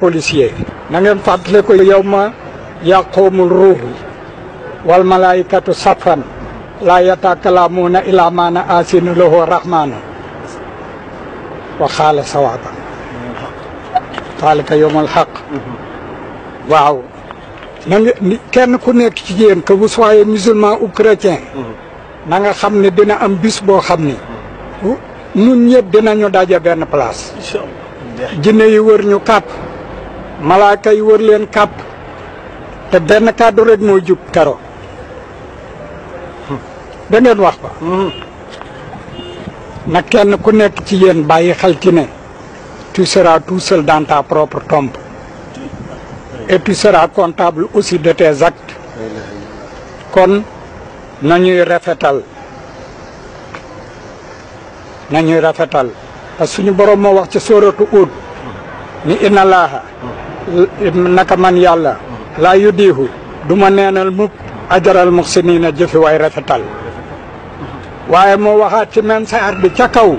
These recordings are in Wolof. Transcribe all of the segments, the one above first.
policier na ngeen fàttale ko yawma ma ruh wal malaikatu safan la yatakalamuna ila man asinu lahu rahman wa xaala sawaaba taalika yowmal haqq waaw na ngeen kenn ku nek ci yéen que bu soye musulman ou chrétien na nga xamne nyukap dina am bis bo xamne ñun ñepp dinañu ben place jinne yi wër ñu malaaka yi wër leen kàpp te benn kàddu rek mooy jub karo da ngeen wax ba na kenn ku nekk ci yéen bàyyi xaltine ci ne tu seras tout seul dans ta aussi de te actes kon ñuy rafetal na ñuy rafetal parce que suñu borom moo wax ci sóoratu Huud ni inna laaha naka man yàlla laa yu diihu du ma neenal mukk ajaral muxsiniina jëfi waay rafetal waaye moo waxaat ci même saar bi ca kaw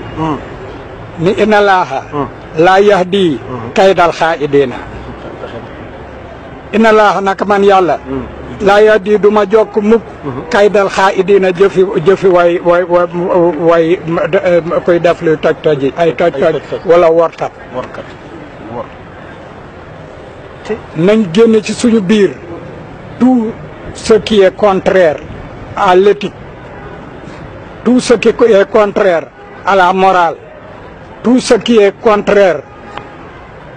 ni ina laaha laa yahdi kaydal xaa'idiina ina laaha naka man yàlla laa yahdi du jokk mukk kaydal xaa'idiina jëfi jëfi way way way kuy def luy toj toji ay toj toj wala workat nañ génne ci suñu biir tout ce qui est contraire à l'éthique tout ce qui est contraire à la morale tout ce qui est contraire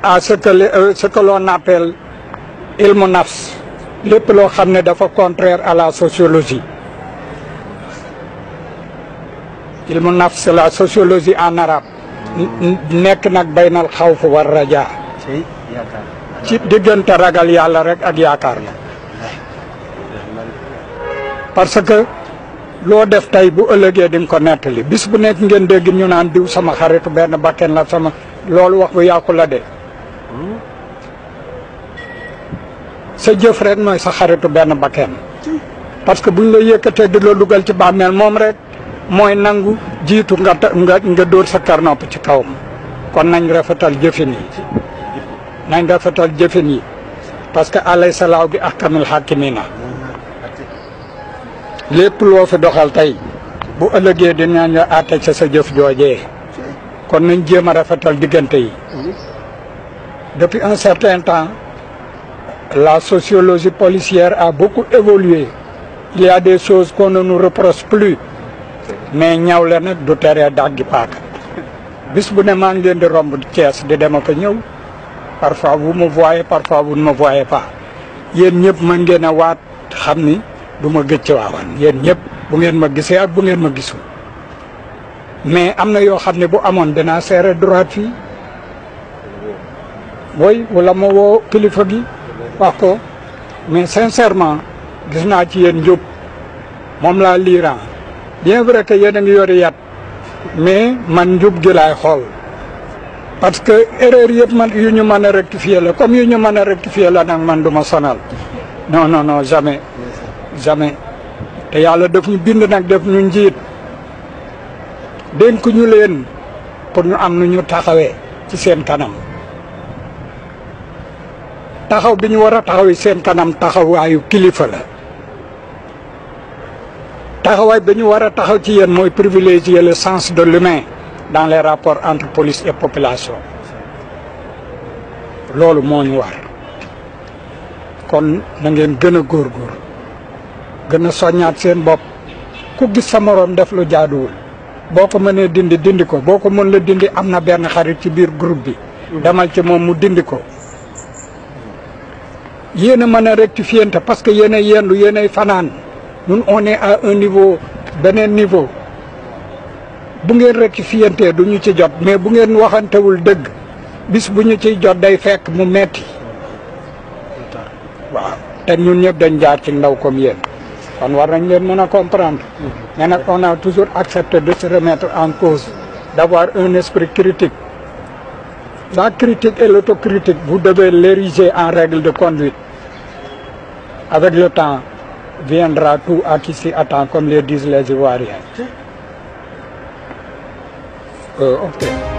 à ce que euh, ilmu nafs lépp loo xam ne dafa contraire à la sociologie ilmu nafs la sociologie en arabe nekk nag baynal xawf war rajaa ci diggante ragal yalla rek ak yaakar la parce que lo def tay bu ëlëgé di ko netali bis bu nek ngeen dégg ñu naan diw sama xaritu ben bakken la sama loolu wax bu yàqu la sa jëf rek moy sa xaritu ben bakken parce que buñ la yëkëté di lo duggal ci bamël mom rek moy nangu jitu nga nga door sa ci kawam kon nañ rafetal jëfini nañ rafetal jëfin yi parce que alay salaaw bi ahkamul hakimina lépp loo fi doxal tey bu ëllëgee dinañ la àtte ca sa jëf joojee kon nañ jéem a rafetal diggante yi depuis un certain temps la sociologie policière a beaucoup évolué il y a des choses qu'on ne nous reproche plus mais ñaw le nag du teree daggi paaka bis bu ne maa ngi leen di romb Thiès di dem ak a ñëw parfois vous me voyez parfois vous ne me voyez pas yéen ñëpp mën ngeen a waat xam ni du ma gëj ci waawan yéen ñëpp bu ngeen ma gisee ak bu ngeen ma gisul mais am na yoo xam ne bu amoon danaa seere droit fii woy wala ma woo kilifa gi wax ko mais sincèrement gis naa ci yéen njub moom laa liiran bien vrai que yéen a ngi yori yat mais man njub gi xool parce que erreur yëpp man yu ñu man a rectifier la comme yu ñu man a rectifier la nag man du ma sonal non no non jamais jamais te yàlla daf ñu bind nag def ñu njiit dénkuñu leen pour ñu am nu ñu taxawee ci seen kanam taxaw bi ñu war a taxaw seen kanam taxawaayu kilifa la taxawaay bi ñu war a taxaw ci yéen mooy privilégier le sens de l'humain dans les rapports entre police et population loolu moo ñu war kon na ngeen gën a góor góor gën a soññaat seen bopp ku gis sa moroom def lu jaaduwul boo ko mënee dindi dindi ko boo ko mën la dindi am na benn xarit ci biir groupe bi demal ci moom mu dindi ko yéen a mën a rectifier parce que yéen a yendu yéen ay fanaan ñun on est à un beneen niveau bu ngeen rectifiantee du ñu ci jot mais bu ngeen waxantewul dëgg bis bu ñu ciy jot day fekk mu metti waaw te ñun ñëpp dañ jaar ci ndaw comme yéen kon war nañ leen mën a comprendre mm-hmm. mais nag on a toujours accepté de se remettre en cause d'avoir un esprit critique la critique et l'autocritique bu devez l'ériger en règle de conduite avec le temps viendra tout à qui s'y attend comme le disent les Ivoiriens 呃哦，对。